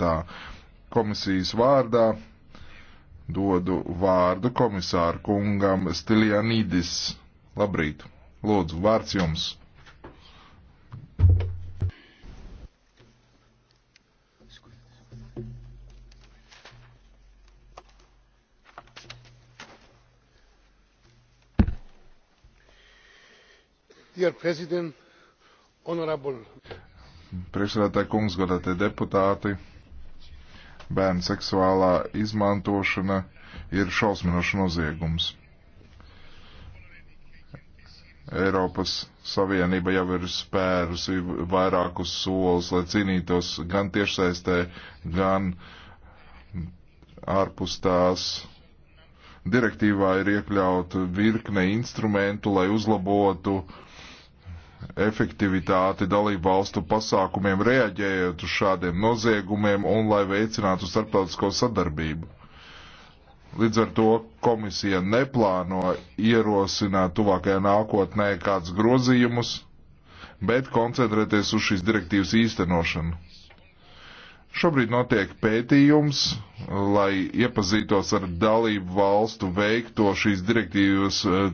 tā komisijas vārdā dodu vārdu komisāru kungam Stilianidis. Labrīt! Lūdzu, vārds jums! Dear President, Honorable. Priekšsēdētāji kungs, godātie deputāti, bērnu seksuālā izmantošana ir šausminošs noziegums. Eiropas Savienība jau ir spērusi vairākus solis, lai cīnītos gan tiešsaistē, gan ārpus tās. Direktīvā ir iekļauta virkne instrumentu, lai uzlabotu uh, efektivitāti dalību valstu pasākumiem reaģējot uz šādiem noziegumiem un lai veicinātu starptautisko sadarbību. Līdz ar to komisija neplāno ierosināt tuvākajā nākotnē kāds grozījumus, bet koncentrēties uz šīs direktīvas īstenošanu. Šobrīd notiek pētījums, lai iepazītos ar dalību valstu veikto šīs direktīvas eh,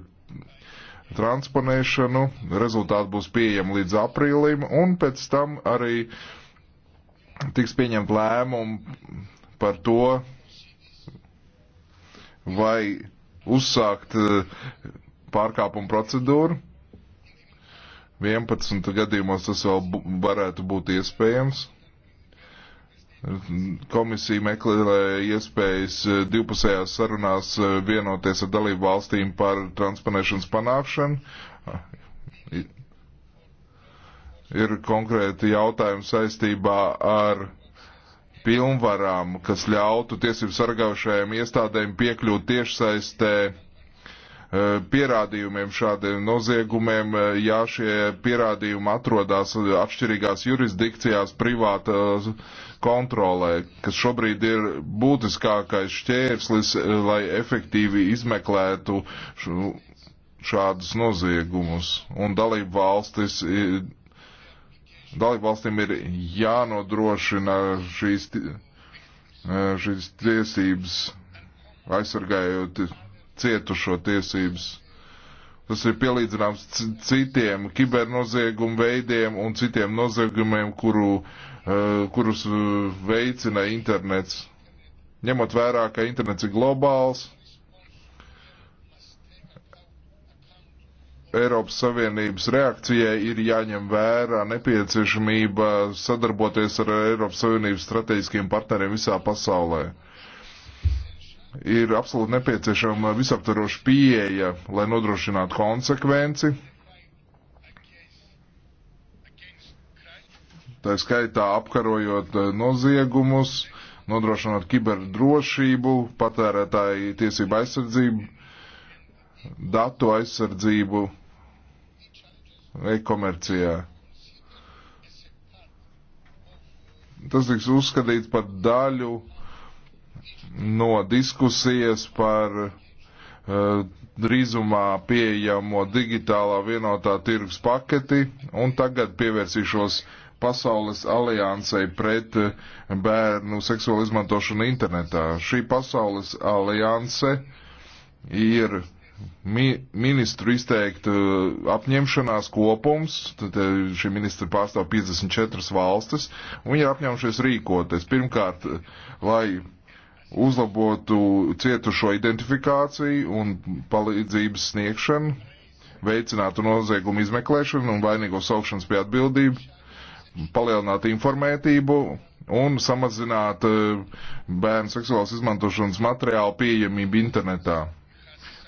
transponēšanu. Rezultāti būs pieejami līdz aprīlim, un pēc tam arī tiks pieņemt lēmumu par to, vai uzsākt eh, pārkāpumu procedūru. 11 gadījumos tas vēl varētu būt iespējams. Komisija meklē iespējas eh, divpusējās sarunās eh, vienoties ar dalību valstīm par transponēšanas panākšanu. Ir konkrēti jautājumi saistībā ar pilnvarām, kas ļautu tiesību sargājušajiem iestādēm piekļūt tiešsaistē Eh, pierādījumiem šādiem noziegumiem, eh, ja šie pierādījumi atrodas atšķirīgās jurisdikcijās privāta eh, kontrolē, kas šobrīd ir būtiskākais šķērslis, lai efektīvi izmeklētu šādus noziegumus. Un dalību valstis dalībvalstīm ir jānodrošina šīs, šīs tiesības aizsargājot cietušo tiesības. Tas ir pielīdzināms citiem kibernoziegumu veidiem un citiem noziegumiem, kuru, uh, kurus eh, veicina internets. Ņemot vērā, ka internets ir globāls, Eiropas Savienības reakcijai ir jāņem vērā nepieciešamība sadarboties ar Eiropas Savienības strateģiskiem partneriem visā pasaulē ir absolūti nepieciešama visaptvaroša pieeja, lai nodrošinātu konsekvenci. Tā skaitā apkarojot eh, noziegumus, nodrošinot kiberdrošību, patērētāju tiesību aizsardzību, datu aizsardzību e-komercijā. Tas tiks uzskatīts par daļu uh, no diskusijas par drīzumā eh, pieejamo digitālā vienotā tirgus paketi, un tagad pievērsīšos pasaules aliansei pret eh, bērnu seksuālu izmantošanu internetā. Šī pasaules alianse ir mi ministru izteikta eh, apņemšanās kopums, tad šie ministri pārstāv 54 valstis, un viņi ir apņēmušies rīkoties. Pirmkārt, lai uzlabotu cietušo identifikāciju un palīdzības sniegšanu, veicinātu noziegumu izmeklēšanu un vainīgo saukšanas pie atbildību, palielinātu informētību un samazināt eh, bērnu seksuālas izmantošanas materiālu pieejamību internetā.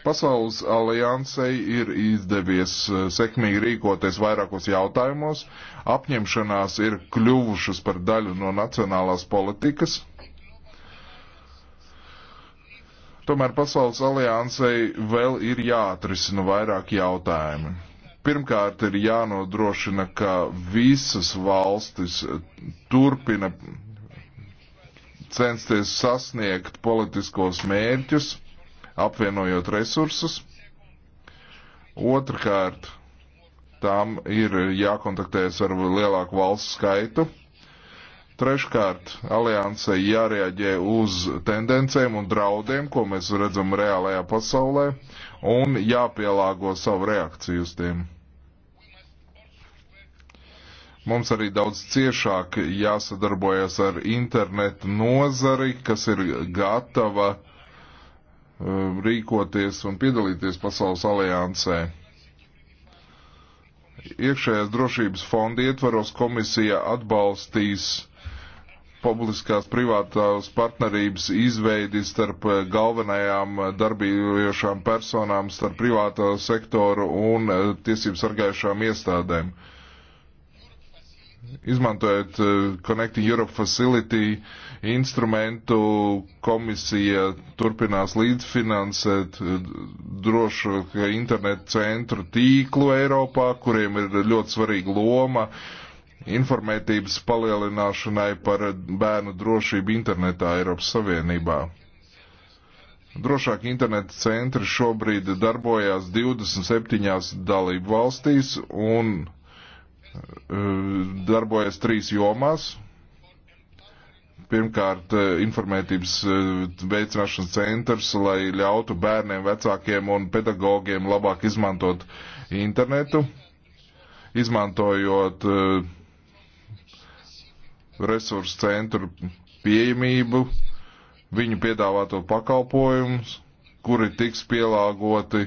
Pasaules aliansei ir izdevies eh, sekmīgi rīkoties vairākos jautājumos, apņemšanās ir kļuvušas par daļu no nacionālās politikas Tomēr Pasaules aliansei vēl ir jāatrisina vairāk jautājumi. Pirmkārt, ir jānodrošina, ka visas valstis turpina censties sasniegt politiskos mērķus, apvienojot resursus. Otrakārt, tām ir jākontaktējas ar lielāku valstu skaitu Treškārt, aliansē jārēģē uz tendencēm un draudiem, ko mēs redzam reālajā pasaulē, un jāpielāgo savu reakciju uz tiem. Mums arī daudz ciešāk jāsadarbojas ar internetu nozari, kas ir gatava eh, rīkoties un piedalīties pasaules aliansē iekšējās drošības fonda ietvaros komisija atbalstīs publiskās privātās partnerības izveidi starp eh, galvenajām eh, darbījošām personām, starp privāto sektoru un eh, tiesību sargājušām iestādēm. Izmantojot Connecting Europe Facility instrumentu, komisija turpinās līdzfinansēt drošu internetu centru tīklu Eiropā, kuriem ir ļoti svarīga loma uh, informētības palielināšanai par bērnu drošību internetā Eiropas Savienībā. Drošāk interneta centri šobrīd darbojās 27 dalību valstīs un e, darbojas trīs jomās. Pirmkārt, e, informētības e, veicināšanas centrs, lai ļautu bērniem, vecākiem un pedagogiem labāk izmantot internetu, izmantojot uh, resursu centru pieejamību, viņu piedāvāto pakalpojumus, kuri tiks pielāgoti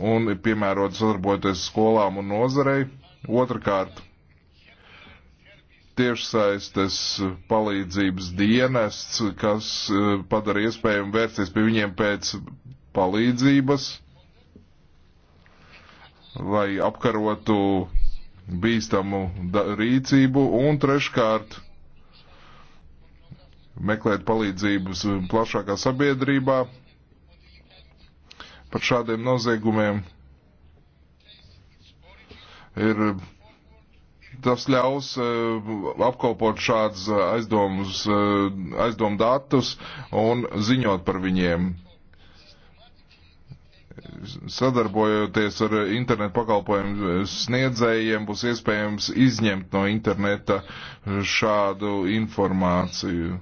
un piemērot sadarbojoties skolām un nozarei. Otrakārt, tiešsaistes palīdzības dienests, kas e, padara iespējumu vērsties pie viņiem pēc palīdzības, lai apkarotu bīstamu rīcību un treškārt meklēt palīdzības plašākā sabiedrībā par šādiem noziegumiem. Ir, tas ļaus eh, apkopot šādus eh, aizdomus, eh, aizdomu datus un ziņot par viņiem sadarbojoties ar internetu pakalpojumu sniedzējiem, būs iespējams izņemt no interneta šādu informāciju.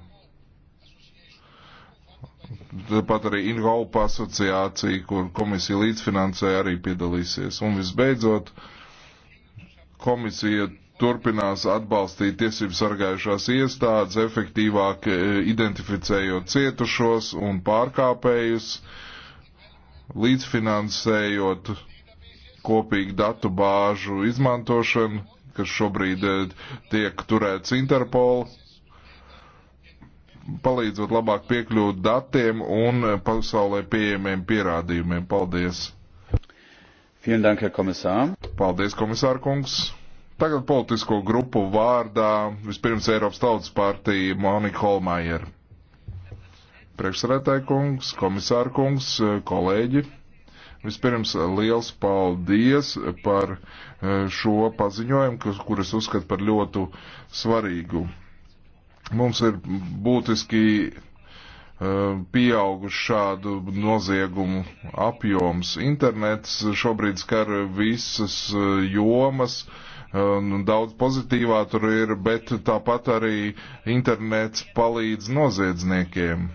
Tāpat arī Inhaupa asociācija, kur komisija līdzfinansē, arī piedalīsies. Un visbeidzot, komisija turpinās atbalstīt tiesību sargājušās iestādes, efektīvāk eh, identificējot cietušos un pārkāpējus līdzfinansējot kopīgu datu bāžu izmantošanu, kas šobrīd eh, tiek turēts Interpol, palīdzot labāk piekļūt datiem un eh, pasaulē pieejamiem pierādījumiem. Paldies! Dank, komisār. Paldies, komisāra kungs! Tagad politisko grupu vārdā vispirms Eiropas Tautas partija Monika Holmajer. Priekšsarētāji kungs, komisāra kungs, kolēģi. Vispirms liels paldies par eh, šo paziņojumu, kur es uzskatu par ļoti svarīgu. Mums ir būtiski eh, pieauguši šādu noziegumu apjoms. Internets šobrīd skar visas eh, jomas, nu, daudz pozitīvā tur ir, bet tāpat arī internets palīdz noziedzniekiem.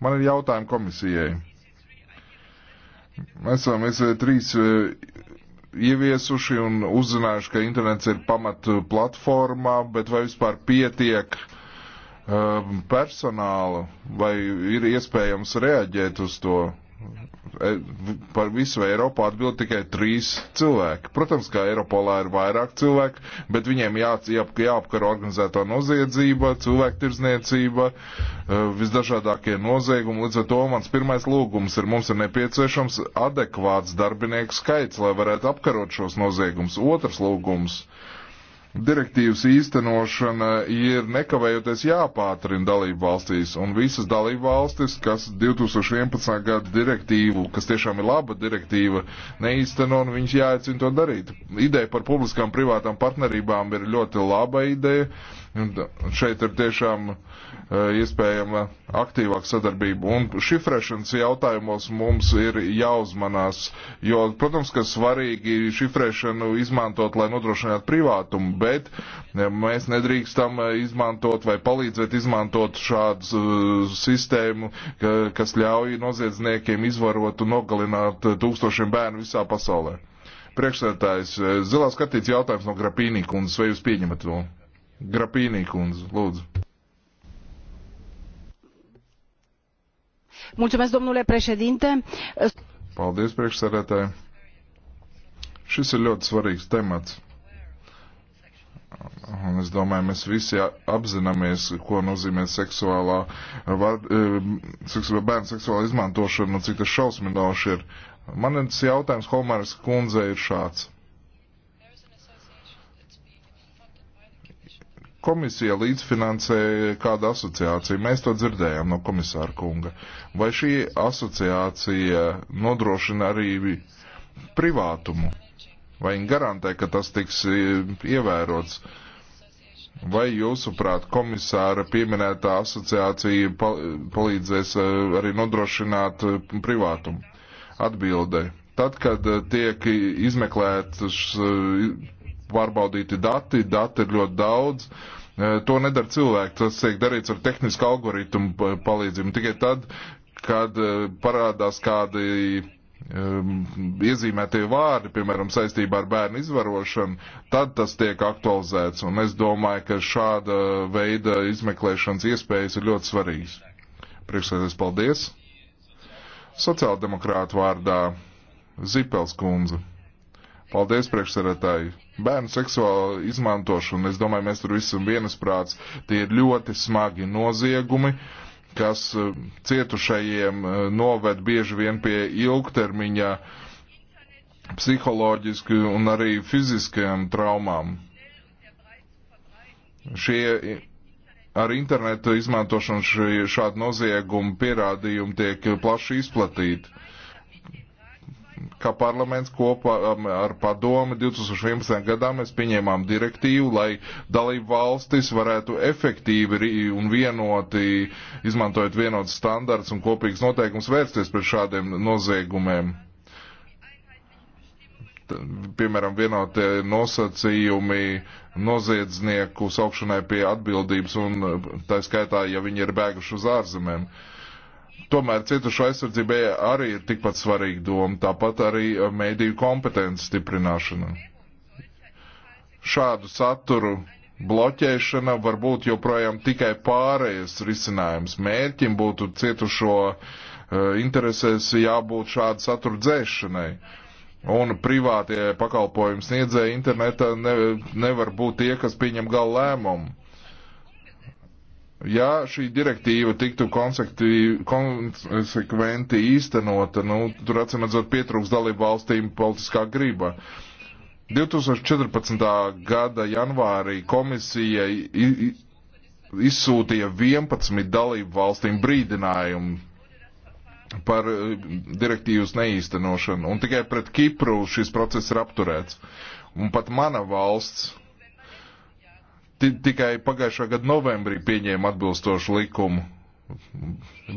Man ir jautājumi komisijai. Mēs esam eh, trīs eh, ieviesuši un uzzinājuši, ka internets ir pamatu platformā, bet vai vispār pietiek eh, personāla, vai ir iespējams reaģēt uz to? par visu Eiropu atbild tikai trīs cilvēki. Protams, ka Eiropolā ir vairāk cilvēku, bet viņiem jā, jāapkaro organizētā noziedzība, cilvēktirzniecība, eh, visdažādākie noziegumi. Līdz ar to mans pirmais lūgums ir, mums ir nepieciešams adekvāts darbinieku skaits, lai varētu apkarot šos noziegumus. Otrs lūgums. Uh, direktīvas īstenošana ir nekavējoties jāpātrina dalību valstīs, un visas dalību valstis, kas 2011. gada direktīvu, kas tiešām ir laba direktīva, neīsteno, un viņas jāicina to darīt. Ideja par publiskām privātām partnerībām ir ļoti laba ideja, un šeit ir tiešām eh, iespējama aktīvāka sadarbība, un šifrēšanas jautājumos mums ir jāuzmanās, jo, protams, ka svarīgi šifrēšanu izmantot, lai nodrošinātu privātumu, bet mēs nedrīkstam eh, izmantot vai palīdzēt izmantot šādu eh, sistēmu, kas ļauj noziedzniekiem izvarot un nogalināt eh, tūkstošiem bērnu visā pasaulē. Priekšsētājs, zilā skatīts jautājums no Grapīnī kundzes, vai jūs pieņemat to? Grapīnī kundze, lūdzu. Mulțumesc, domnule președinte. Paldies, priekšsēdētāji. Šis ir ļoti svarīgs temats. Un es domāju, mēs visi apzināmies, ko nozīmē seksuālā, var, seksuālā bērnu seksuāla izmantošana un cik tas šausminoši ir. Man tas jautājums Holmāras kundzei ir šāds. Komisija līdzfinansēja kādu asociāciju, mēs to dzirdējām no komisāra kunga. Vai šī asociācija nodrošina arī privātumu? Vai viņi garantē, ka tas tiks e, ievērots? Vai jūsuprāt, komisāra pieminētā asociācija palīdzēs e, arī nodrošināt e, privātumu? Atbilde. Tad, kad tiek izmeklētas pārbaudīti dati, dati ir ļoti daudz, to nedara cilvēki, tas tiek darīts ar tehnisku algoritmu palīdzību. Tikai tad, kad parādās kādi Um, iezīmētie vārdi, piemēram, saistībā ar bērnu izvarošanu, tad tas tiek aktualizēts. Un es domāju, ka šāda veida izmeklēšanas iespējas ir ļoti svarīgas. Priekšsēdēs, paldies! Sociāldemokrāta vārdā Zipels kundze. Paldies, priekšsēdētāji! Bērnu seksuāla izmantošana, es domāju, mēs tur visi esam vienasprāts, tie ir ļoti smagi noziegumi. Uh, kas eh, cietušajiem eh, noved bieži vien pie ilgtermiņa psiholoģiski un arī fiziskajām traumām. Šie ar internetu izmantošanu šie, šādi noziegumi pierādījumi tiek plaši izplatīti kā parlaments kopā um, ar padomu 2011. gadā mēs pieņēmām direktīvu, lai dalību valstis varētu efektīvi un vienoti, izmantojot vienotas standarts un kopīgas noteikums, vērsties pret šādiem noziegumiem. Piemēram, vienotie nosacījumi noziedznieku saukšanai pie atbildības un tā skaitā, ja viņi ir bēguši uz ārzemēm. Uh, Tomēr cietušo aizsardzībai arī ir tikpat svarīga doma, tāpat arī eh, mēdīju kompetences stiprināšana. Šādu saturu bloķēšana var būt joprojām tikai pārējais risinājums. Mērķim būtu cietušo eh, interesēs jābūt šādu saturu dzēšanai. Un privātie pakalpojums sniedzēji internetā ne, nevar būt tie, kas pieņem galu lēmumu Ja šī direktīva tiktu konsekventi īstenota, nu, tur atsimedzot pietrūks dalību valstīm politiskā grība. 2014. gada janvārī komisija izsūtīja 11 dalību valstīm brīdinājumu par eh, direktīvas neīstenošanu, un tikai pret Kipru šis process ir apturēts. Un pat mana valsts tikai pagājušā gada novembrī pieņēma atbilstošu likumu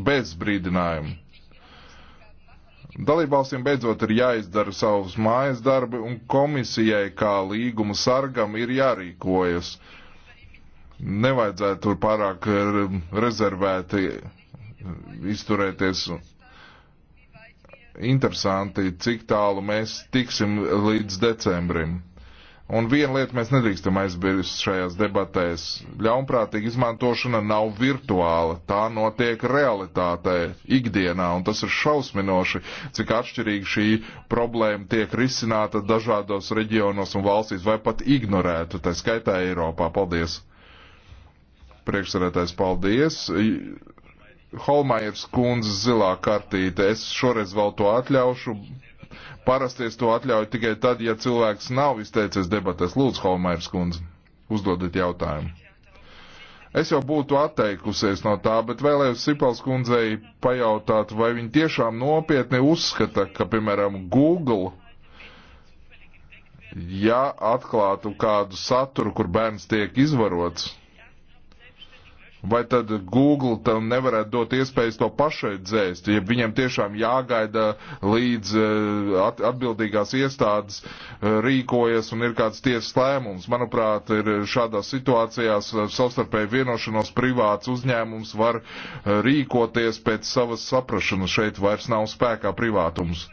bez brīdinājuma. Dalībvalstīm beidzot ir jāizdara savus mājas darbi, un komisijai kā līguma sargam ir jārīkojas. Nevajadzētu tur pārāk rezervēti izturēties. Interesanti, cik tālu mēs tiksim līdz decembrim. Un viena lieta mēs nedrīkstam aizbirst šajās debatēs. Ļaunprātīga izmantošana nav virtuāla, tā notiek realitātē, ikdienā, un tas ir šausminoši, cik atšķirīgi šī problēma tiek risināta dažādos reģionos un valstīs, vai pat ignorēta, tā skaitā Eiropā. Paldies! Priekšsarētais, paldies! Holmajers kundze zilā kartīte, es šoreiz vēl to atļaušu Parasti es to atļauju tikai tad, ja cilvēks nav izteicies debatēs. Lūdzu, Holmērs kundze, uzdodiet jautājumu. Es jau būtu atteikusies no tā, bet vēlējos Sipals kundzei pajautāt, vai viņa tiešām nopietni uzskata, ka, piemēram, Google, ja atklātu kādu saturu, kur bērns tiek izvarots, Vai tad Google tam nevarētu dot iespējas to pašai dzēst, ja viņiem tiešām jāgaida līdz eh, atbildīgās iestādes eh, rīkojas un ir kāds tiesas lēmums? Manuprāt, ir šādās situācijās eh, savstarpēji vienošanos privāts uzņēmums var rīkoties pēc savas saprašanas. Šeit vairs nav spēkā privātums.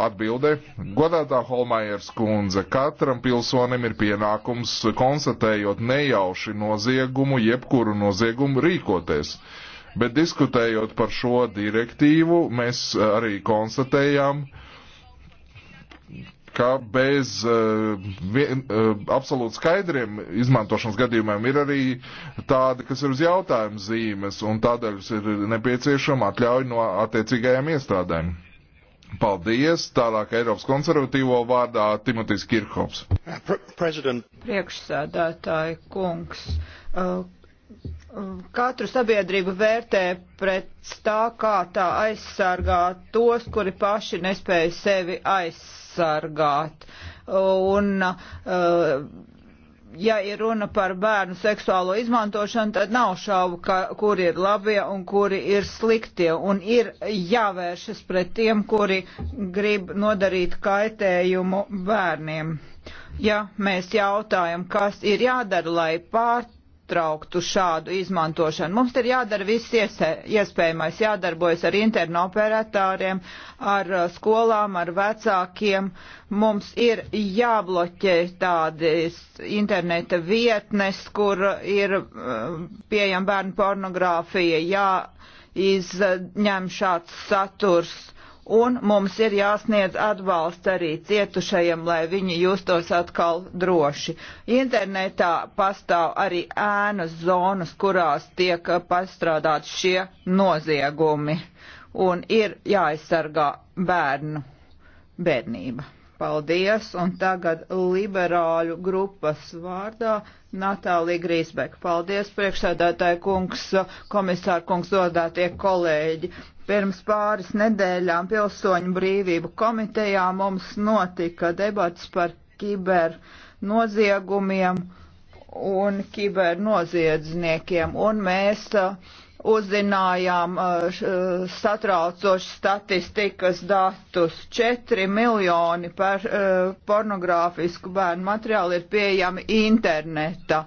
Atbilde. Godātā Holmajers kundze, katram pilsonim ir pienākums konstatējot nejauši noziegumu, jebkuru noziegumu rīkoties. Bet diskutējot par šo direktīvu, mēs arī konstatējām, ka bez uh, vien, uh, absolūti skaidriem izmantošanas gadījumiem ir arī tādi, kas ir uz jautājumu zīmes, un tādēļ ir nepieciešama atļauja no attiecīgajām iestādēm. Paldies! Tālāk Eiropas konservatīvo vārdā Timotīs Kirhops. Uh, Priekšsēdētāji kungs. Uh, uh, Katru sabiedrību vērtē pret tā, kā tā aizsargā tos, kuri paši nespēja sevi aizsargāt. Un uh, ja ir runa par bērnu seksuālo izmantošanu, tad nav šaubu, ka, kur ir labie un kuri ir sliktie. Un ir jāvēršas pret tiem, kuri grib nodarīt kaitējumu bērniem. Ja mēs jautājam, kas ir jādara, lai pārt pārtrauktu šādu izmantošanu. Mums ir jādara viss iespējamais, jādarbojas ar internoperatāriem, ar uh, skolām, ar vecākiem. Mums ir jābloķē tādas interneta vietnes, kur ir uh, pieejama bērnu pornogrāfija, jāizņem šāds saturs un mums ir jāsniedz atbalsts arī cietušajiem, lai viņi justos atkal droši. Internetā pastāv arī ēnas zonas, kurās tiek pastrādāt šie noziegumi, un ir jāaizsargā bērnu bērnība. Paldies, un tagad liberāļu grupas vārdā Natālija Grīsbeka. Paldies, priekšsēdētāji kungs, komisāra kungs, dodātie kolēģi. Pirms pāris nedēļām Pilsoņu brīvību komitejā mums notika debats par kiber noziegumiem un kiber noziedzniekiem, un mēs uh, uzzinājām uh, uh, satraucoši statistikas datus. 4 miljoni par pornogrāfisku bērnu materiālu ir pieejami interneta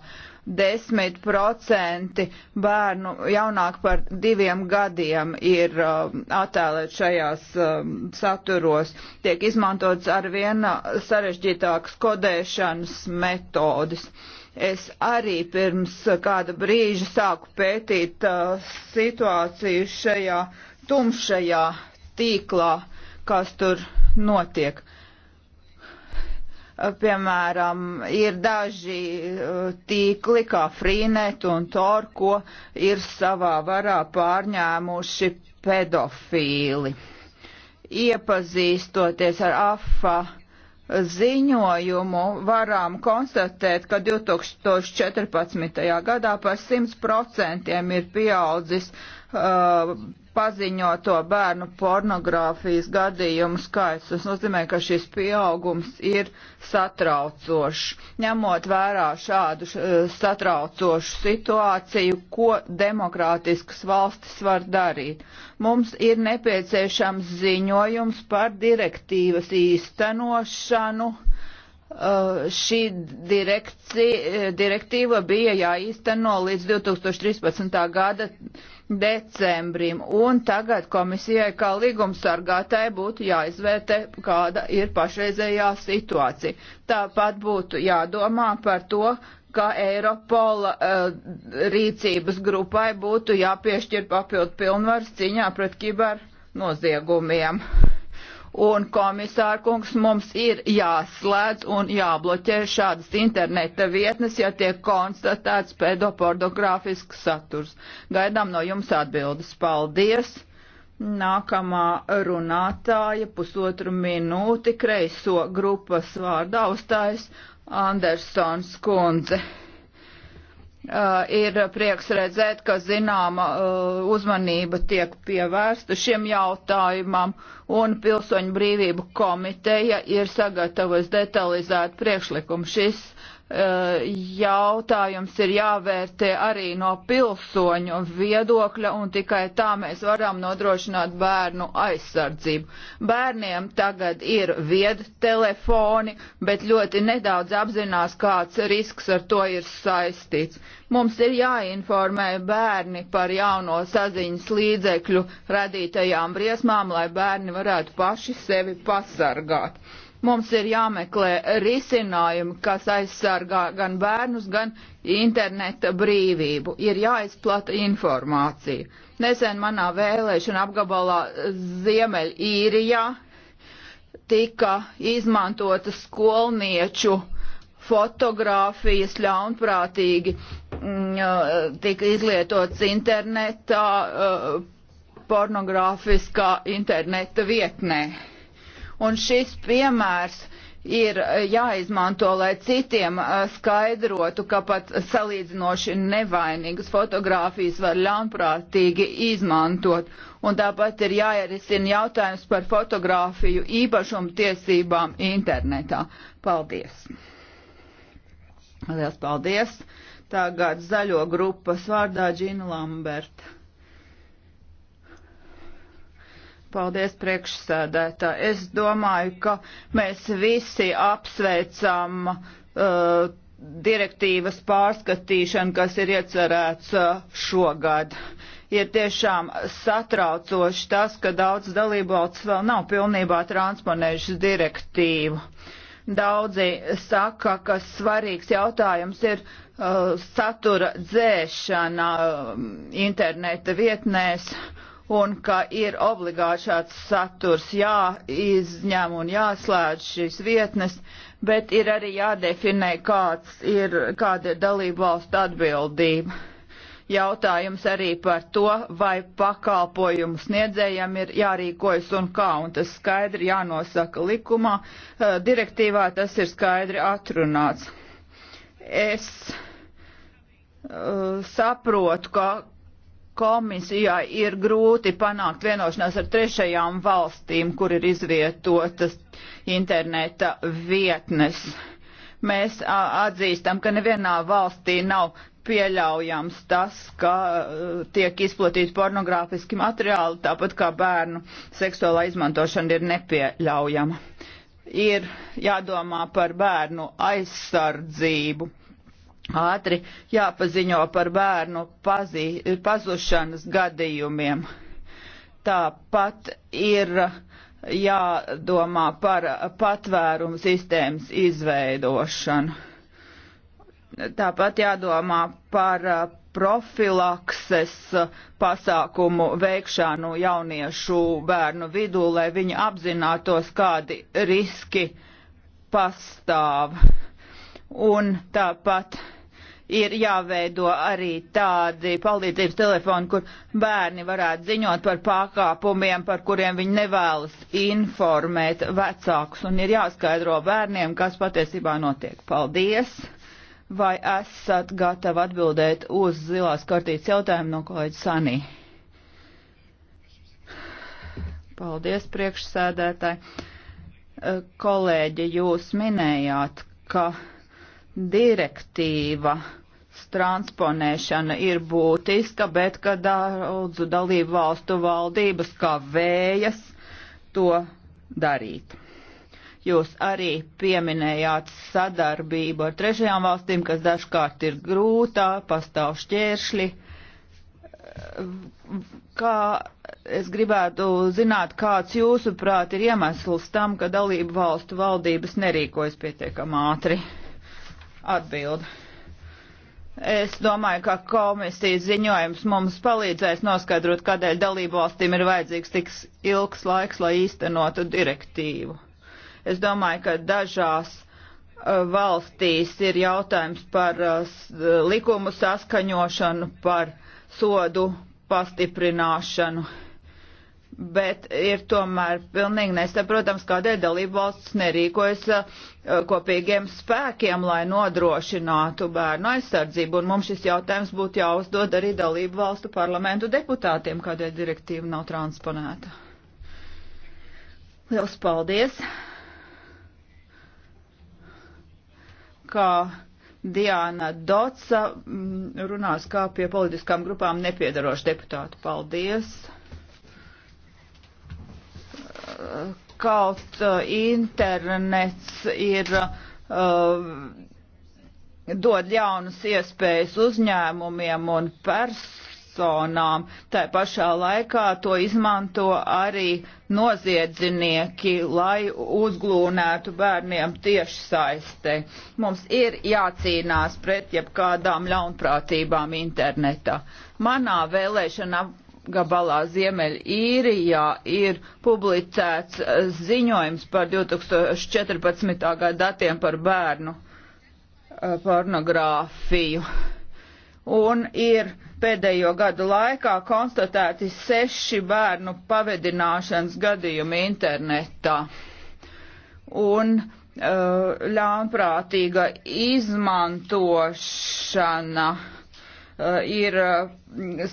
10% bērnu jaunāk par diviem gadiem ir uh, um, attēlēt šajās uh, saturos. Tiek izmantots ar viena uh, sarežģītākas kodēšanas metodas. Es arī pirms kāda brīža sāku pētīt uh, situāciju šajā tumšajā tīklā, kas tur notiek. Eh, piemēram, ir daži eh, tīkli kā Frīnet un Tor, ko ir savā varā pārņēmuši pedofīli. Iepazīstoties ar AFA ziņojumu, varam konstatēt, ka 2014. gadā par 100% ir pieaudzis uh, uh, paziņoto bērnu pornogrāfijas gadījumu skaits. Tas nozīmē, ka šis pieaugums ir satraucošs. Ņemot vērā šādu uh, satraucošu situāciju, ko demokrātiskas valstis var darīt? Mums ir nepieciešams ziņojums par direktīvas īstenošanu Uh, šī direkci, uh, direktīva bija jāīsteno līdz 2013. gada decembrim, un tagad komisijai kā līgumsargātai būtu jāizvērtē, kāda ir pašreizējā situācija. Tāpat būtu jādomā par to, ka Eiropola uh, rīcības grupai būtu jāpiešķir papildu pilnvars ciņā pret kibernoziegumiem. noziegumiem un komisārkungs mums ir jāslēdz un jābloķē šādas interneta vietnes, ja tiek konstatēts pedopornogrāfisks saturs. Gaidām no jums atbildes. Paldies! Nākamā runātāja pusotru minūti kreiso grupas vārdā uzstājas Andersons kundze. Uh, ir prieks redzēt, ka zināma uh, uzmanība tiek pievērsta šiem jautājumam, un Pilsoņu brīvību komiteja ir sagatavojis detalizētu priekšlikumu. Šis jautājums ir jāvērtē arī no pilsoņu viedokļa, un tikai tā mēs varam nodrošināt bērnu aizsardzību. Bērniem tagad ir viedtelefoni, bet ļoti nedaudz apzinās, kāds risks ar to ir saistīts. Mums ir jāinformē bērni par jauno saziņas līdzekļu radītajām briesmām, lai bērni varētu paši sevi pasargāt. Mums ir jāmeklē risinājumi, kas aizsargā gan bērnus, gan interneta brīvību. Ir jāizplata informācija. Nesen manā vēlēšana apgabalā Ziemeļīrijā tika izmantota skolnieču fotografijas ļaunprātīgi mm, tika izlietots internetā, pornogrāfiskā interneta vietnē. Un šis piemērs ir eh, jāizmanto, lai citiem eh, skaidrotu, ka pat salīdzinoši nevainīgas fotogrāfijas var ļaunprātīgi izmantot. Un tāpat ir jāierisina jautājums par fotogrāfiju īpašumu tiesībām internetā. Paldies! Lielas paldies! Tagad zaļo grupas vārdā Džina Lamberta. Paldies, priekšsēdētā. Es domāju, ka mēs visi apsveicam uh, direktīvas pārskatīšanu, kas ir iecerēts uh, šogad. Ir tiešām satraucoši tas, ka daudz dalībvalsts vēl nav pilnībā transponējušas direktīvu. Daudzi saka, ka svarīgs jautājums ir uh, satura dzēšana uh, interneta vietnēs un ka ir obligāti šāds saturs jāizņem un jāslēdz šīs vietnes, bet ir arī jādefinē, kāds ir, kāda ir dalību valstu atbildība. Jautājums arī par to, vai pakalpojumu sniedzējiem ir jārīkojas un kā, un tas skaidri jānosaka likumā. Eh, direktīvā tas ir skaidri atrunāts. Es eh, saprotu, ka komisijai ir grūti panākt vienošanās ar trešajām valstīm, kur ir izvietotas interneta vietnes. Mēs atzīstam, ka nevienā valstī nav pieļaujams tas, ka uh, tiek izplatīti pornogrāfiski materiāli, tāpat kā bērnu seksuālā izmantošana ir nepieļaujama. Ir jādomā par bērnu aizsardzību ātri jāpaziņo par bērnu pazī, pazušanas gadījumiem. Tāpat ir jādomā par patvērumu sistēmas izveidošanu. Tāpat jādomā par profilakses pasākumu veikšanu jauniešu bērnu vidū, lai viņi apzinātos, kādi riski pastāv. Un tāpat ir jāveido arī tādi palīdzības telefoni, kur bērni varētu ziņot par pārkāpumiem, par kuriem viņi nevēlas informēt vecākus, un ir jāskaidro bērniem, kas patiesībā notiek. Paldies! Vai esat gatavi atbildēt uz zilās kartītes jautājumu no kolēģa Sanī? Paldies, priekšsēdētāji. Kolēģi, jūs minējāt, ka direktīva transponēšana ir būtiska, bet ka daudzu dalību valstu valdības kavējas to darīt. Jūs arī pieminējāt sadarbību ar trešajām valstīm, kas dažkārt ir grūtā, pastāv šķēršļi. Kā es gribētu zināt, kāds jūsuprāt ir iemesls tam, ka dalību valstu valdības nerīkojas pietiekam ātri? atbildi. Es domāju, ka komisijas ziņojums mums palīdzēs noskaidrot, kādēļ dalībvalstīm ir vajadzīgs tik ilgs laiks, lai īstenotu direktīvu. Es domāju, ka dažās uh, valstīs ir jautājums par uh, likumu saskaņošanu, par sodu pastiprināšanu bet ir tomēr pilnīgi nesaprotams, kādēļ dalību valsts nerīkojas uh, kopīgiem spēkiem, lai nodrošinātu bērnu aizsardzību. Un mums šis jautājums būtu jāuzdod arī dalību valstu parlamentu deputātiem, kādēļ direktīva nav transponēta. Liels paldies! Kā Diana Doca mm, runās kā pie politiskām grupām nepiedarošu deputātu. Paldies! kaut uh, internets ir uh, dod jaunas iespējas uzņēmumiem un personām. Tā pašā laikā to izmanto arī noziedznieki, lai uzglūnētu bērniem tieši saistē. Mums ir jācīnās pret jebkādām ļaunprātībām internetā. Manā vēlēšana gabalā Ziemeļīrijā ir publicēts eh, ziņojums par 2014. gada datiem par bērnu eh, pornogrāfiju. Un ir pēdējo gadu laikā konstatēti seši bērnu pavedināšanas gadījumi internetā. Un eh, ļaunprātīga izmantošana uh, Eh, ir eh,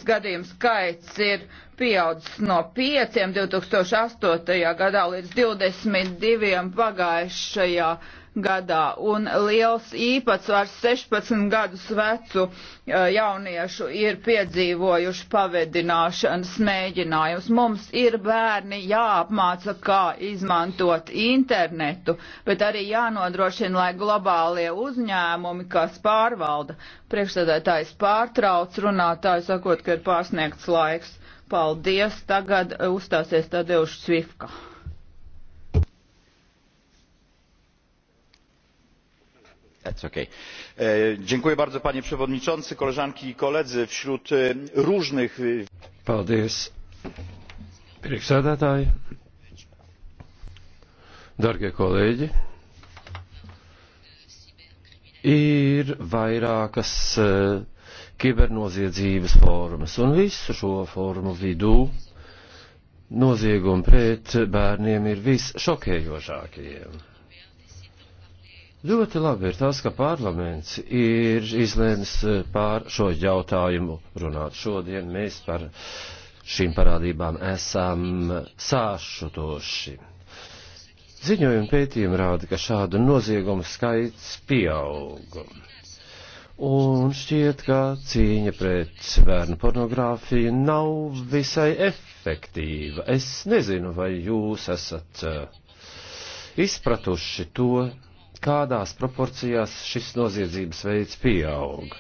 gadījumu skaits ir pieaudzis no 5 2008. gadā līdz 22 pagājušajā gadā gadā, un liels īpatsvars 16 gadus vecu eh, jauniešu ir piedzīvojuši pavedināšanas mēģinājums. Mums ir bērni jāapmāca, kā izmantot internetu, bet arī jānodrošina, lai globālie uzņēmumi, kas pārvalda, priekšsēdētājs pārtrauc runātāju, sakot, ka ir pārsniegts laiks. Paldies, tagad uzstāsies Tadeušs Svifka. E, panie przewodniczący! koleżanki i koledzy! wśród e, różnych. E, paldies priekšsēdētāji darbie kolēģi ir vairākas kibernoziedzības formas un visu šo formu vidū noziegumi pret bērniem ir visšokējošākie. Ļoti labi ir tas, ka parlaments ir izlēmis eh, pār šo jautājumu runāt šodien. Mēs par šīm parādībām esam sāšutoši. Ziņojumi pētījumi rāda, ka šādu noziegumu skaits pieaug. Un šķiet, ka cīņa pret bērnu pornogrāfiju nav visai efektīva. Es nezinu, vai jūs esat eh, izpratuši to kādās proporcijās šis noziedzības veids pieaug.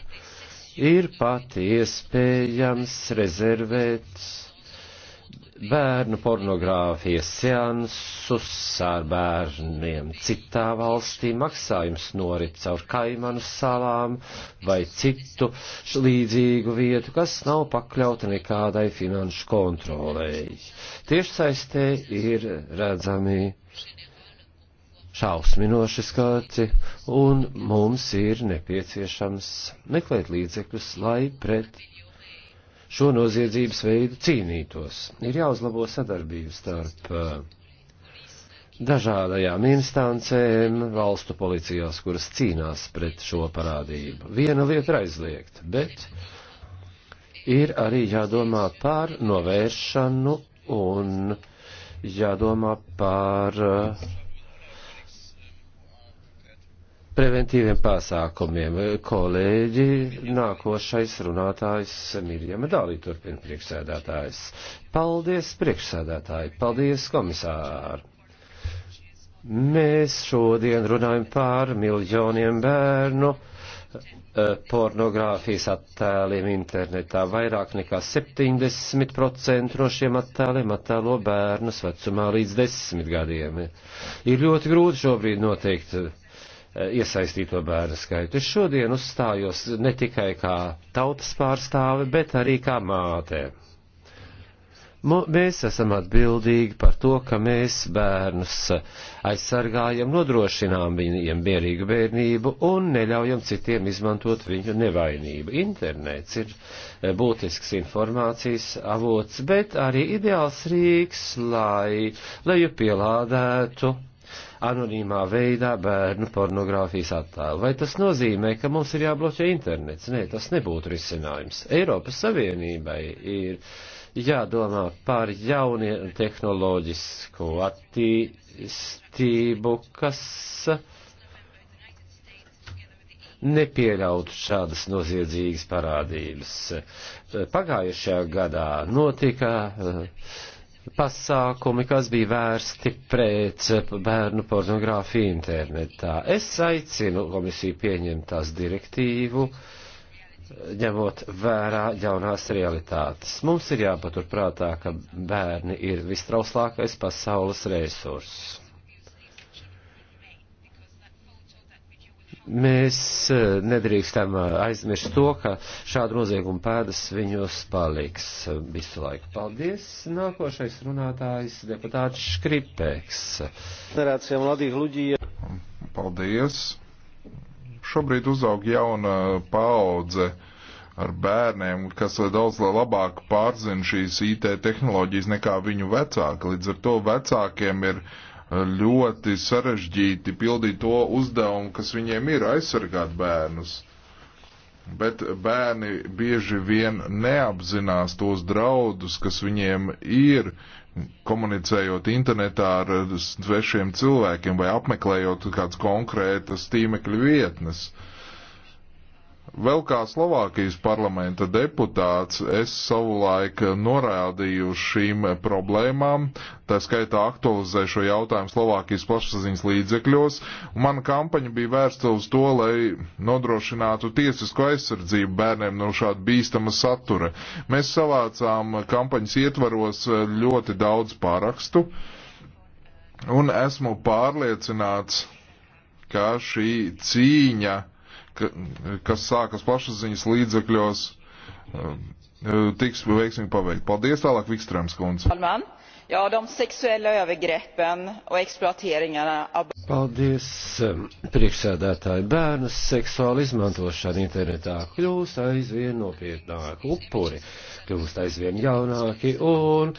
Ir pat iespējams rezervēt bērnu pornogrāfijas seansus ar bērniem citā valstī, maksājums norit caur kaimanu salām vai citu līdzīgu vietu, kas nav pakļauta nekādai finanšu kontrolēji. Tiešsaistē ir redzami šausminoši skati, un mums ir nepieciešams meklēt līdzekļus, lai pret šo noziedzības veidu cīnītos. Ir jāuzlabo sadarbību starp eh, dažādajām instancēm, valstu policijās, kuras cīnās pret šo parādību. Viena lieta ir aizliegt, bet ir arī jādomā par novēršanu un jādomā par uh, preventīviem pasākumiem. Kolēģi, nākošais runātājs Mirjama Dālī turpina priekšsēdētājs. Paldies, priekšsēdētāji, paldies, komisāri. Mēs šodien runājam par miljoniem bērnu eh, pornogrāfijas attēliem internetā. Vairāk nekā 70% no šiem attēliem attēlo bērnus vecumā līdz 10 gadiem. Ir ļoti grūti šobrīd noteikt Eh, iesaistīto bērnu skaitu. Es šodien uzstājos ne tikai kā tautas pārstāve, bet arī kā mātē. Mēs esam atbildīgi par to, ka mēs bērnus aizsargājam, nodrošinām viņiem mierīgu bērnību un neļaujam citiem izmantot viņu nevainību. Internets ir eh, būtisks informācijas avots, bet arī ideāls rīks, lai, lai jau pielādētu anonīmā veidā bērnu pornogrāfijas attēlu. Vai tas nozīmē, ka mums ir jābloķē internets? Nē, tas nebūtu risinājums. Eiropas Savienībai ir jādomā par jauniem tehnoloģisku attīstību, kas nepieļautu šādas noziedzīgas parādības. Pagājušajā gadā notika pasākumi, kas bija vērsti pret bērnu pornogrāfiju internetā. Es aicinu komisiju pieņemt tās direktīvu, ņemot vērā jaunās realitātes. Mums ir jāpaturprātā, ka bērni ir vistrauslākais pasaules resurss. Mēs eh, nedrīkstam eh, aizmirst to, ka šāda nozieguma pēdas viņos paliks eh, visu laiku. Paldies! Nākošais runātājs deputāts Škripeks. Paldies! Šobrīd uzaug jauna paudze ar bērniem, kas daudz labāk pārzina šīs IT tehnoloģijas nekā viņu vecāki. Līdz ar to vecākiem ir ļoti sarežģīti pildīt to uzdevumu, kas viņiem ir aizsargāt bērnus. Bet bērni bieži vien neapzinās tos draudus, kas viņiem ir, komunicējot internetā ar svešiem cilvēkiem vai apmeklējot kādas konkrētas tīmekļa vietnes. Uh, Vēl kā Slovākijas parlamenta deputāts es savulaik norādīju šīm problēmām, tā skaitā aktualizēju šo jautājumu Slovākijas plašsaziņas līdzekļos, un mana kampaņa bija vērsta uz to, lai nodrošinātu tiesisko aizsardzību bērniem no šāda bīstama satura. Mēs savācām kampaņas ietvaros ļoti daudz pārakstu, un esmu pārliecināts, ka šī cīņa kas sākas plašsaziņas līdzekļos, um, tiks veiksmīgi pabeigt. Paldies tālāk, Vikstrēms kundze. Ja, de seksuella övergreppen och exploateringarna av Paldies, um, priekšsēdētāji. Bērnu seksuāla izmantošana internetā kļūst aizvien nopietnāk, upuri kļūst aizvien jaunāki un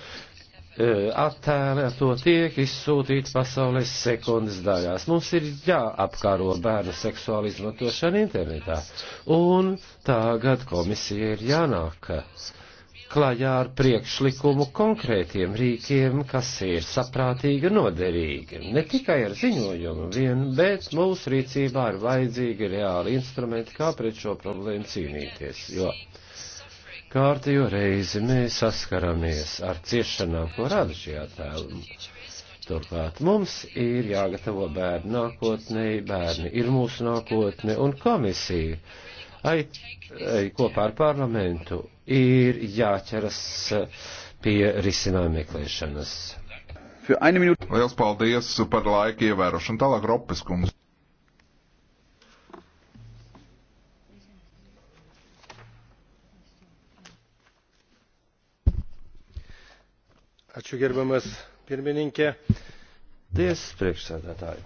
attēlē to tiek izsūtīts pasaulē sekundes daļās. Mums ir jāapkaro bērnu seksuāli izmantošana internetā. Un tagad komisija ir jānāk klajā ar priekšlikumu konkrētiem rīkiem, kas ir saprātīgi un noderīgi. Ne tikai ar ziņojumu vien, bet mūsu rīcībā ir vajadzīgi reāli instrumenti, kā pret šo problēmu cīnīties. Jo kārtējo reizi mēs saskaramies ar ciešanām, ko rada šie attēlumi. Turklāt mums ir jāgatavo bērnu nākotnē, bērni ir mūsu nākotne un komisija. Ai, ai, kopā ar parlamentu ir jāķeras pie risinājuma meklēšanas. Liels paldies par laika ievērošanu. Tālāk Ropes kungs. Ačiū gerbiamas pirmininkė. Ties priekšsēdētāji.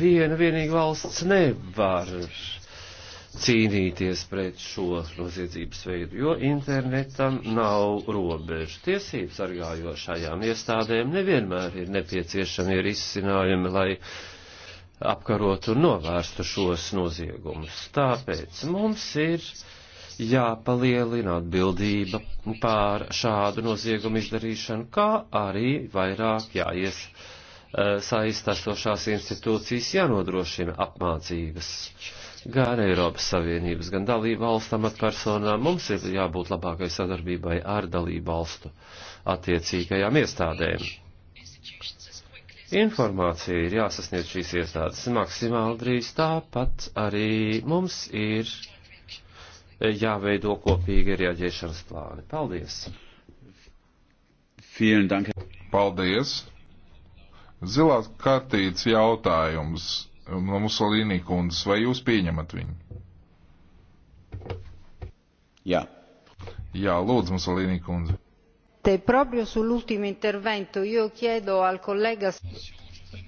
Viena vienīga valsts nevar cīnīties pret šo noziedzības veidu, jo internetam nav robežu. Tiesības argājošajām iestādēm nevienmēr ir nepieciešami risinājumi, lai apkarotu un novērstu šos noziegumus. Tāpēc mums ir jāpalielina atbildība pār šādu noziegumu izdarīšanu, kā arī vairāk jāies eh, saistastošās institūcijas jānodrošina apmācības. Gan Eiropas Savienības, gan dalību valstu amatpersonām mums ir jābūt labākai sadarbībai ar dalību valstu attiecīgajām iestādēm. Informācija ir jāsasniedz šīs iestādes maksimāli drīz, tāpat arī mums ir jāveido kopīgi rieģēšanas plāni. Paldies! Paldies! Zilās kartītes jautājums um, no Musolīnī kundzes, vai jūs pieņemat viņu? Jā. Jā, lūdzu, Musolīnī kundze. Te proprio sull'ultimo intervento io chiedo al collega.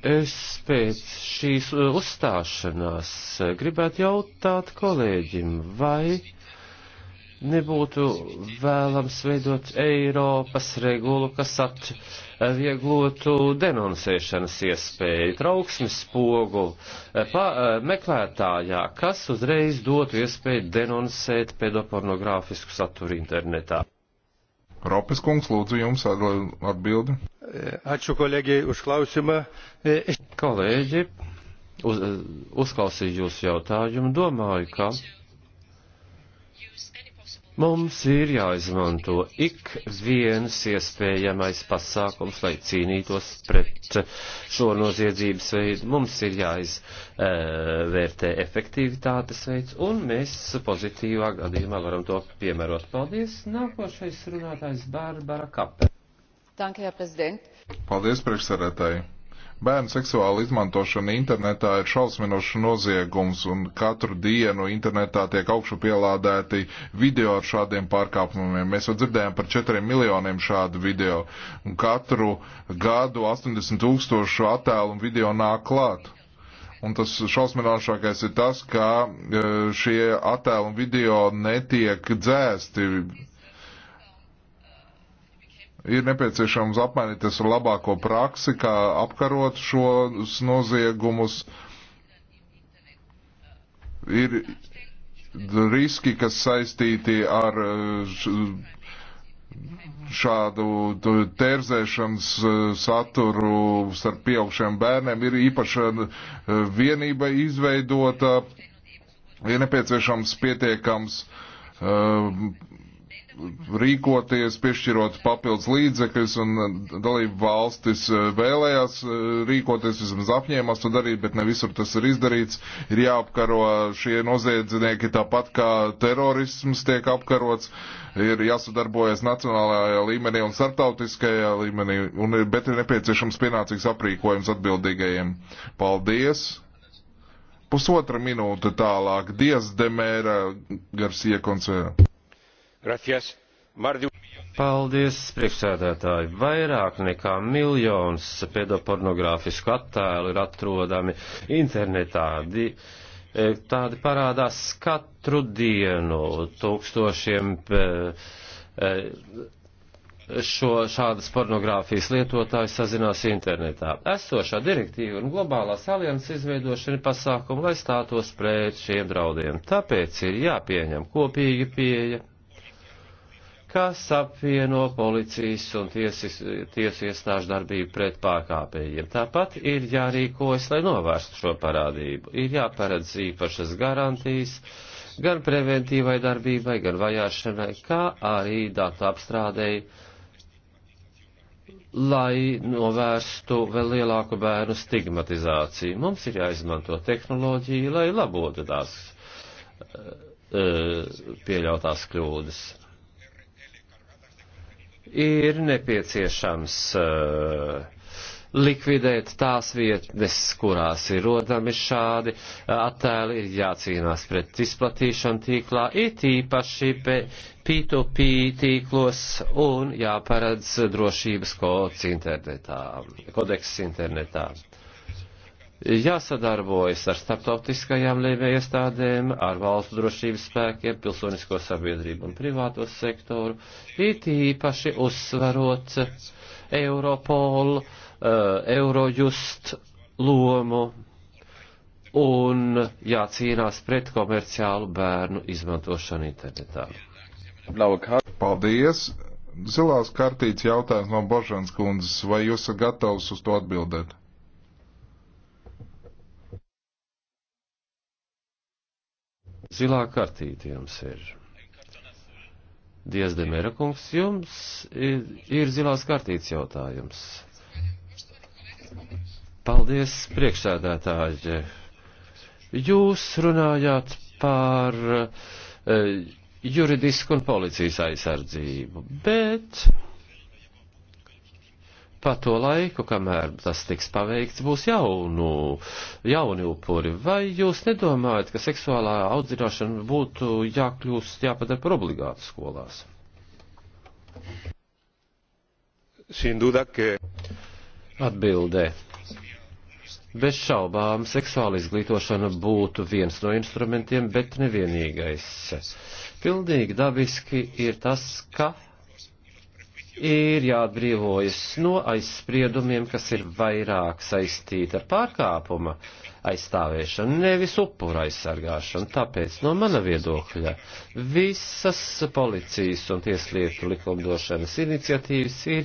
Es pēc šīs uh, uzstāšanās uh, gribētu jautāt kolēģim, vai nebūtu vēlams veidot Eiropas regulu, kas atvieglotu denoncēšanas iespēju, trauksmes spoguli eh, eh, meklētājā, kas uzreiz dotu iespēju denoncēt pedopornogrāfisku saturu internetā. Ropes kungs, lūdzu jums atbildi. Eh, ačiū kolēģi uz klausimą. Kolēģi, uz, uzklausīju jūsu jautājumu, domāju, ka. Kā... Mums ir jāizmanto ik viens iespējamais pasākums, lai cīnītos pret šo noziedzības veidu. Mums ir jāizvērtē efektivitātes veids, un mēs pozitīvā gadījumā varam to piemērot. Paldies! Nākošais runātājs Bārbara Kape. Danke, Herr Präsident. Paldies, priekšsarētāji. Bērnu seksuāla izmantošana internetā ir šausminošs noziegums, un katru dienu internetā tiek augšu pielādēti video ar šādiem pārkāpumiem. Mēs jau dzirdējām par 4 miljoniem šādu video, un katru gadu 80 tūkstošu attēlu un video nāk klāt. Un tas šausminošākais ir tas, ka e, šie attēli un video netiek dzēsti ir nepieciešams apmainīties ar labāko praksi, kā apkarot šos noziegumus. Ir riski, kas saistīti ar šādu tērzēšanas e, saturu starp pieaugšiem bērniem, ir īpaša e, vienība izveidota, ir nepieciešams pietiekams e, rīkoties, piešķirot papildus līdzekļus, un uh, dalību valstis uh, vēlējās uh, rīkoties, vismaz apņēmās to darīt, bet ne visur tas ir izdarīts. Ir jāapkaro šie noziedznieki tāpat kā terorisms tiek apkarots, ir jāsadarbojas nacionālajā līmenī un starptautiskajā līmenī, un, bet ir nepieciešams pienācīgs aprīkojums atbildīgajiem. Paldies! Pusotra minūte tālāk. Dievs demēra Garcia koncerta. Gracias. Paldies, priekšsēdētāji. Vairāk nekā miljons pedopornogrāfisku attēlu ir atrodami internetā. Di e, tādi parādās katru dienu tūkstošiem e, e, šo, šādas pornogrāfijas lietotāji sazinās internetā. Esošā direktīva un globālās alianses izveidošana ir pasākuma, lai stātos pret šiem draudiem. Tāpēc ir jāpieņem kopīga pieeja kas apvieno policijas un tiesis, tiesu iestāžu darbību pret pārkāpējiem. Tāpat ir jārīkojas, lai novērstu šo parādību. Ir jāparedz īpašas garantijas gan preventīvai darbībai, gan vajāšanai, kā arī datu apstrādēji lai novērstu vēl lielāku bērnu stigmatizāciju. Mums ir jāizmanto tehnoloģija, lai labotu tās eh, pieļautās kļūdas ir nepieciešams uh, likvidēt tās vietnes, kurās ir rodami šādi uh, attēli, ir jācīnās pret izplatīšanu tīklā, it īpaši P2P tīklos un jāparedz drošības kods internetā, kodeks internetā. Uh, jāsadarbojas ar starptautiskajām lēmējiestādēm, ar valstu drošības spēkiem, pilsonisko sabiedrību un privāto sektoru, it īpaši uzsvarot Europolu, eh, Eurojust lomu un jācīnās pret komerciālu bērnu izmantošanu internetā. Paldies! Zilās kartītes jautājums no Božanas kundzes, vai jūs esat gatavs uz to atbildēt? Zilā kartīte jums ir. Dievs Demera kungs, jums ir, ir zilās kartītes jautājums. Paldies, priekšsēdētāji. Jūs runājāt par uh, juridisku un policijas aizsardzību, bet pa to laiku, kamēr tas tiks paveikts, būs jaunu, jauni upuri. Vai jūs nedomājat, ka seksuālā audzināšana būtu jākļūst, jāpadara par obligātu skolās? Sin duda, ka. Atbildē. Bez šaubām seksuāla izglītošana būtu viens no instrumentiem, bet nevienīgais. Pildīgi dabiski ir tas, ka ir jāatbrīvojas no aizspriedumiem, kas ir vairāk saistīti ar pārkāpuma uh, aizstāvēšanu, nevis upura aizsargāšanu. Tāpēc no mana viedokļa visas policijas un tieslietu likumdošanas iniciatīvas ir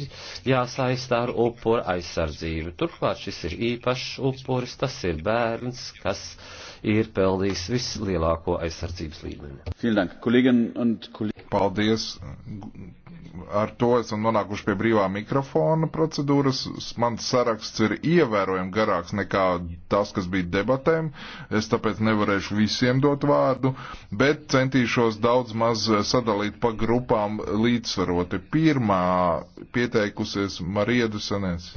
jāsaistā ar upura aizsardzību. Turklāt šis ir īpašs upuris, tas ir bērns, kas ir pelnījis vislielāko aizsardzības līmeni. Paldies! Ar to esam nonākuši pie brīvā mikrofona procedūras. Mans saraksts ir ievērojami garāks nekā tas, kas bija veltīt debatēm, es tāpēc nevarēšu visiem dot vārdu, bet centīšos daudz maz sadalīt pa grupām līdzsvaroti. Pirmā pieteikusies Marija Dusanēs.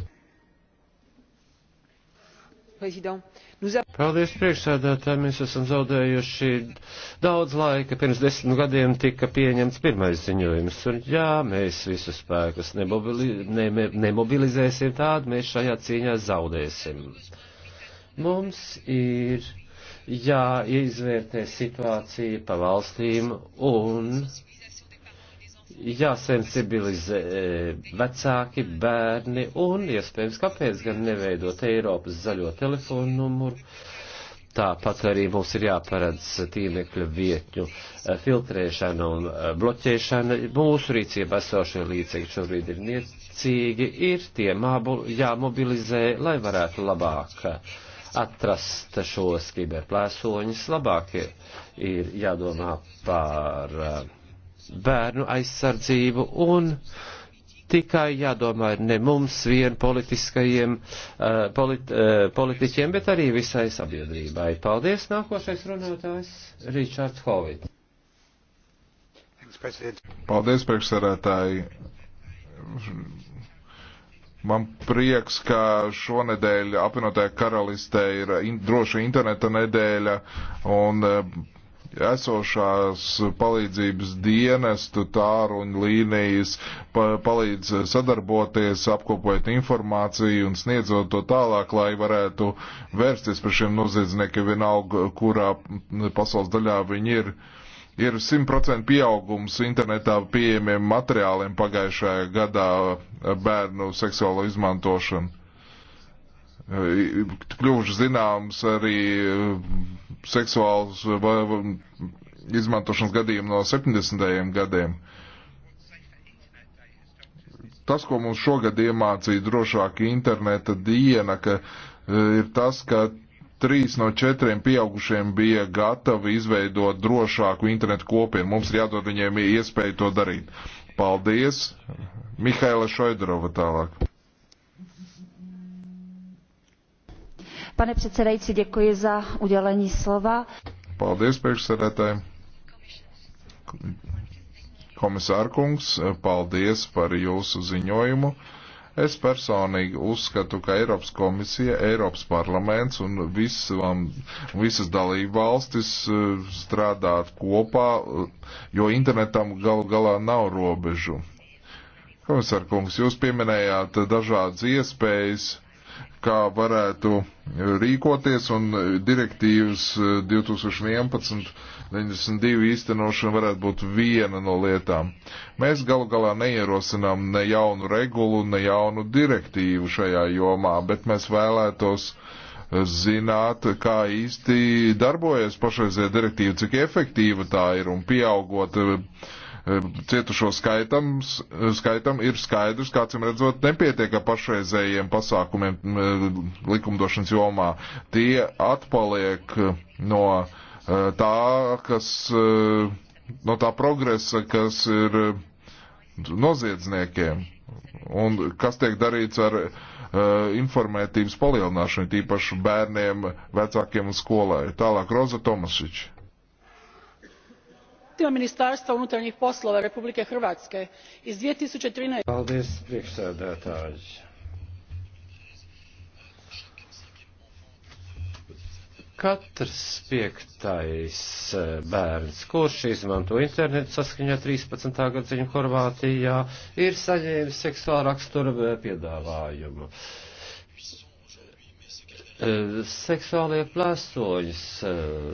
Paldies priekšsēdētāji, mēs esam zaudējuši daudz laika. Pirms desmit gadiem tika pieņemts pirmais ziņojums, un jā, mēs visus spēkus nemobili, ne, ne, nemobilizēsim, tādu mēs šajā cīņā zaudēsim. Mums ir jāizvērtē situācija pa valstīm un jāsensibilizē vecāki, bērni un iespējams, kāpēc gan neveidot Eiropas zaļo telefonu numuru. Tāpat arī mums ir jāparedz tīmekļa vietņu filtrēšana un bloķēšana. Mūsu rīcība esošie līdzekļi šobrīd ir niecīgi, ir tie jāmobilizē, lai varētu labāk uh, atrast šos kiberplēsoņus. Labāk ir jādomā par eh, bērnu aizsardzību un tikai jādomā ir ne mums vien politiskajiem eh, polit, eh, politiķiem, bet arī visai sabiedrībai. Paldies, nākošais runātājs Ričards Hovits. Paldies, priekšsarētāji Man prieks, ka šonedēļ apvienotajā karalistē ir in, droša interneta nedēļa un eh, esošās palīdzības dienestu tāru un līnijas pa, palīdz sadarboties, apkopojot informāciju un sniedzot to tālāk, lai varētu vērsties par šiem noziedzniekiem vienalga, kurā pasaules daļā viņi ir. Uh, ir 100% pieaugums internetā pieejamiem materiāliem pagājušajā gadā eh, bērnu seksuālo izmantošanu. Eh, kļuvuši zināms arī eh, seksuāls izmantošanas gadījumi no 70. gadiem. Tas, ko mums šogad iemācīja drošāka interneta diena, ka ir tas, ka trīs no četriem pieaugušiem bija gatavi izveidot drošāku internetu kopienu. Mums ir jādod viņiem iespēju to darīt. Paldies! Mihaila Šoidrova tālāk. Pane předsedající, děkuji za udělení slova. Paldies, priekšsēdētāji. Komisārkungs, paldies par jūsu ziņojumu. Es personīgi uzskatu, ka Eiropas komisija, Eiropas parlaments un visam, visas dalību valstis e, strādāt kopā, e, jo internetam gal galā nav robežu. Komisār kungs, jūs pieminējāt dažādas iespējas kā varētu rīkoties un direktīvas 2011-92 eh, īstenošana varētu būt viena no lietām. Mēs galu galā neierosinām ne jaunu regulu, ne jaunu direktīvu šajā jomā, bet mēs vēlētos eh, zināt, kā īsti darbojas pašreizē direktīva, cik efektīva tā ir un pieaugot uh, cietušo skaitam, skaitam ir skaidrs, kāds ir redzot, nepietiek ar pašreizējiem pasākumiem likumdošanas jomā. Tie atpaliek no e, tā, kas, e, no tā progresa, kas ir e, noziedzniekiem un kas tiek darīts ar uh, informētības palielināšanu, tīpaši bērniem, vecākiem un skolai. Tālāk Roza Tomašiča zahtjev ministarstva unutarnjih poslova republike hrvatske iz. two thousand and thirteen paldies priekšsēdētāji katrs piektais eh, bērns, kurš izmanto internetu saskaņā 13. gadziņu Horvātijā, ir saņēmis seksuālu raksturu eh, piedāvājumu. Uh, E, seksuālie plēsoņas e,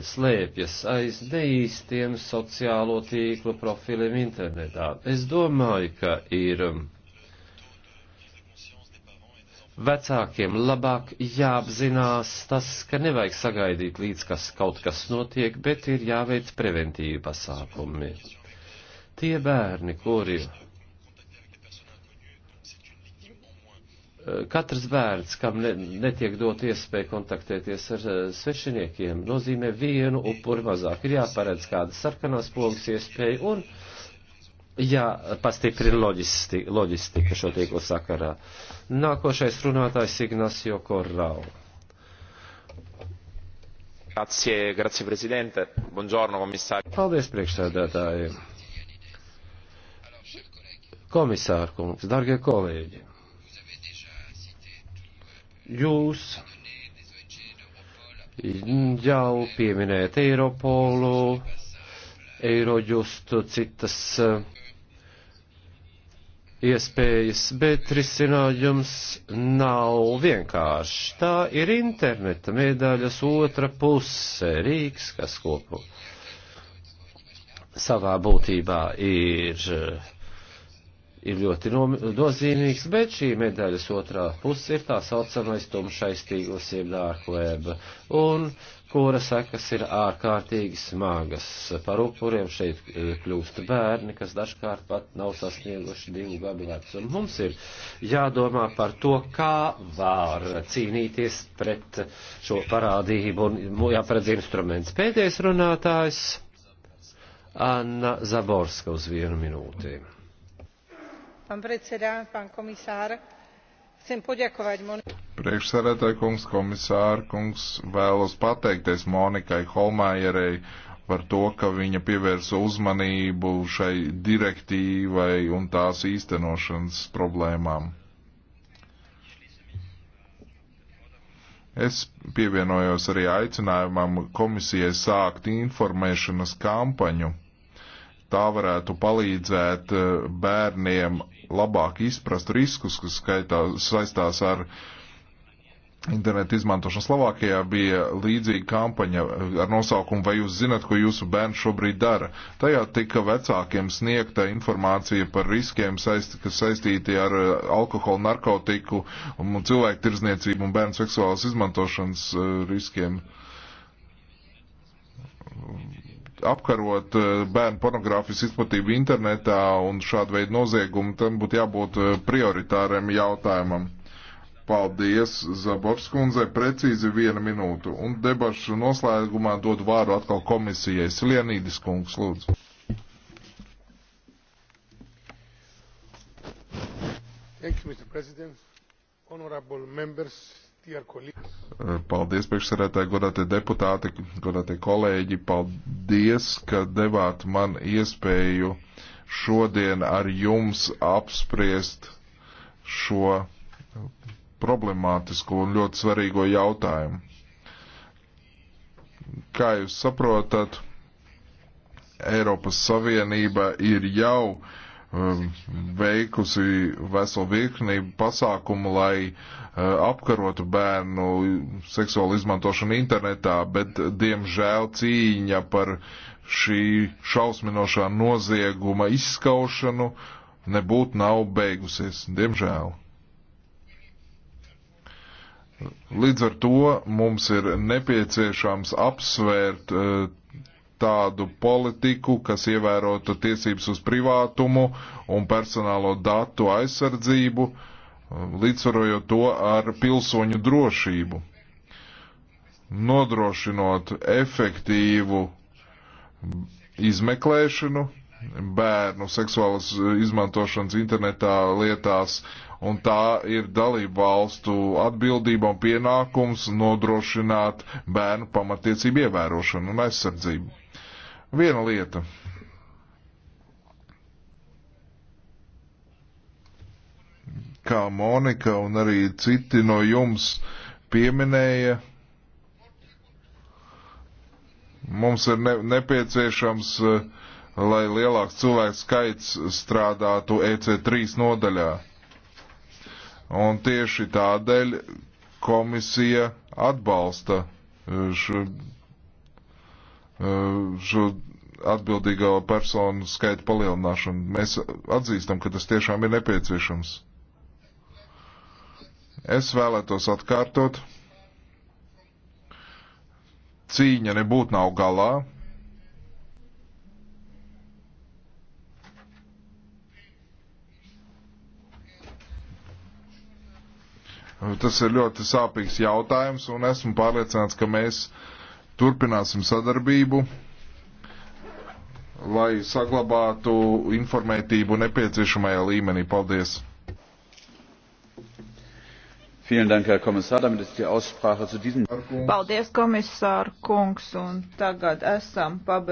slēpjas aiz neīstiem sociālo tīklu profiliem internetā. Es domāju, ka ir vecākiem labāk jāapzinās tas, ka nevajag sagaidīt līdz, kas kaut kas notiek, bet ir jāveic preventīvi pasākumi. Tie bērni, kuri katrs bērns, kam ne, netiek dot iespēju kontaktēties ar eh, svešiniekiem, nozīmē vienu upuri mazāk. Ir jāparedz kāda sarkanās pogas iespēja un jāpastiprina loģisti, loģistika šo tīklu sakarā. Nākošais runātājs Ignacio Corrao. Grazie, grazie, prezidente. Buongiorno, komisāri. Paldies, priekšsēdētāji. Komisārkungs, dargie kolēģi. Jūs jau pieminējat Eiropolu, Eirojustu, citas eh, iespējas, bet risinājums nav vienkārši. Tā ir interneta medaļas otra puse, Rīgas, kas kopu savā būtībā ir eh, ir ļoti no, nozīmīgs, bet šī medaļas otrā puse ir tā saucamais tumšais tīkls, jeb dārkweb, un kura sekas ir ārkārtīgi smagas. Par upuriem šeit e, kļūst bērni, kas dažkārt pat nav sasnieguši divu gadu vecumu. Mums ir jādomā par to, kā var cīnīties pret šo parādību un jāparedz instruments. Pēdējais runātājs Anna Zaborska uz vienu minūti chcem poďakovať monike. Priekšsēdētāji kungs, komisāra kungs, vēlos pateikties Monikai Holmajerei par to, ka viņa pievērsa uzmanību šai direktīvai un tās īstenošanas problēmām. Es pievienojos arī aicinājumam komisijai sākt informēšanas kampaņu tā varētu palīdzēt eh, bērniem labāk izprast riskus, kas skaitā, saistās ar internetu izmantošanu. Slovākijā bija līdzīga kampaņa ar nosaukumu Vai jūs zinat, ko jūsu bērns šobrīd dara? Tajā tika vecākiem sniegta informācija par riskiem, saist, kas saistīti ar eh, alkoholu, narkotiku un cilvēku tirzniecību un bērnu seksuālas izmantošanas eh, riskiem apkarot eh, bērnu pornogrāfijas izplatību internetā un šādu veidu noziegumu, tam būtu jābūt eh, prioritāram jautājumam. Paldies, Zaborskundzei, precīzi viena minūte. Un debašu noslēgumā dod vāru atkal komisijai. Silienīdis kungs, lūdzu. Thank you, Mr. President. Honorable members, Paldies, priekšsarētāji, godātie deputāti, godātie kolēģi. Paldies, ka devāt man iespēju šodien ar jums apspriest šo problemātisko un ļoti svarīgo jautājumu. Kā jūs saprotat, Eiropas Savienība ir jau uh, Um, veikusi veselu virkni pasākumu, lai uh, apkarotu bērnu seksuālu izmantošanu internetā, bet diemžēl cīņa par šī šausminošā nozieguma izskaušanu nebūtu nav beigusies, diemžēl. Līdz ar to mums ir nepieciešams apsvērt uh, tādu politiku, kas ievērotu tiesības uz privātumu un personālo datu aizsardzību, līdzsvarojot to ar pilsoņu drošību, nodrošinot efektīvu izmeklēšanu bērnu seksuālas izmantošanas internetā lietās, un tā ir dalību valstu atbildība un pienākums nodrošināt bērnu pamatiecību ievērošanu un aizsardzību. Viena lieta. Kā Monika un arī citi no jums pieminēja, mums ir ne, nepieciešams, eh, lai lielāks cilvēks skaits strādātu EC3 nodaļā. Un tieši tādēļ komisija atbalsta eh, š, Eh, šo atbildīgo personu skaitu palielināšanu. Mēs atzīstam, ka tas tiešām ir nepieciešams. Es vēlētos atkārtot, cīņa nebūtu nav galā. Tas ir ļoti sāpīgs jautājums, un esmu pārliecināts, ka mēs uh, Turpināsim sadarbību, lai saglabātu informētību nepieciešamajā līmenī. Paldies! Paldies, komisār kungs, un tagad esam pabeiguši.